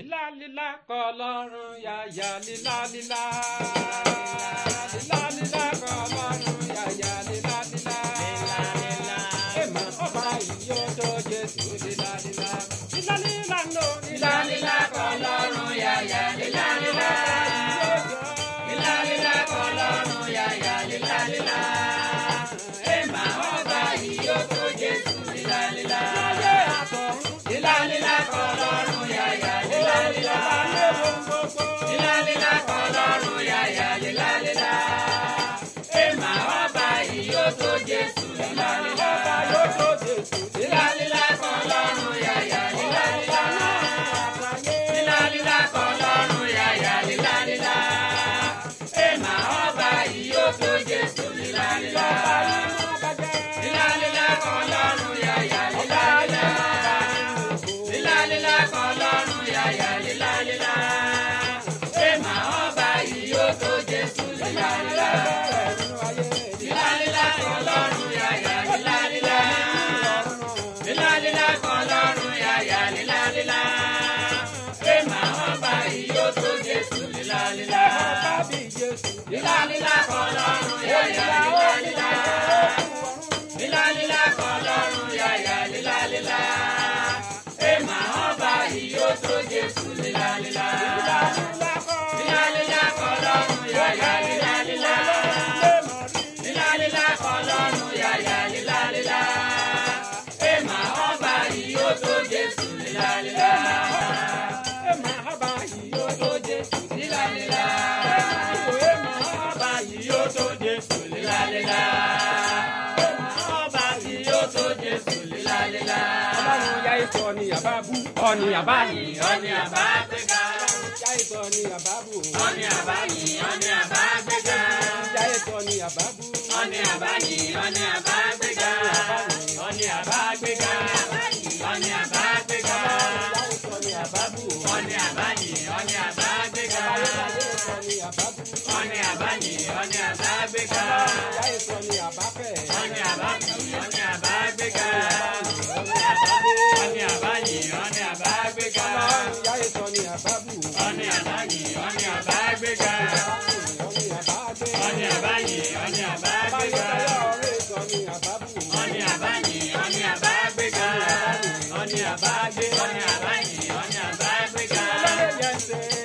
lílá lílá kọ lọ́rùn yàyà lílá lílá lílá lílá kọ lọ́rùn yàyà lílá lílá lílá èèmọ̀ ọba yìí ó tó jésù lílá lílá lílá lílá ń lò lílá kọ lọ́rùn yàyà lílá lílá kọ lọ́rùn yàyà lílá Jésù lílá lílá bá lójó Jésù lílá lílá kan lọ́rùn yàyà lílá lílá lílá lílá kan lọ́rùn yàyà lílá lílá èèmà ọba yìí ó tó Jésù Jésù. Lílá lílá Oni abani, oni yá ìtọ́ ni àbá bú. Ọ̀nì àbá yìí, ọ̀nì àbá gbéga. Yá ìtọ́ ni àbá bú. Ọ̀nì àbá yìí, ọ̀nì àbá gbéga. Yá ìtọ́ ni àbá bú. Ọ̀nì àbá yìí, ọ̀nì àbá gbéga. Ọ̀nì àbá gbéga. Ọ̀nì àbá gbéga. Yá ìtọ́ ni àbá bú. Ọ̀nì àbá yìí, ọ̀nì àbá gbéga. Ọ̀nì àbá yìí, ọ̀nì àbá gbéga. Yá ìtọ́ ni àbá fẹ́. Ọ̀nì àbá yìí, ọ̀nì ọ̀nì àbáyé ọ̀nì àbágbéga. ọ̀nì àbáyé ọ̀nì àbágbéga. ọ̀nì àbáyé ọ̀nì àbágbéga. ọ̀nì àbágbé ọ̀nì àbáyé ọ̀nì àbágbéga.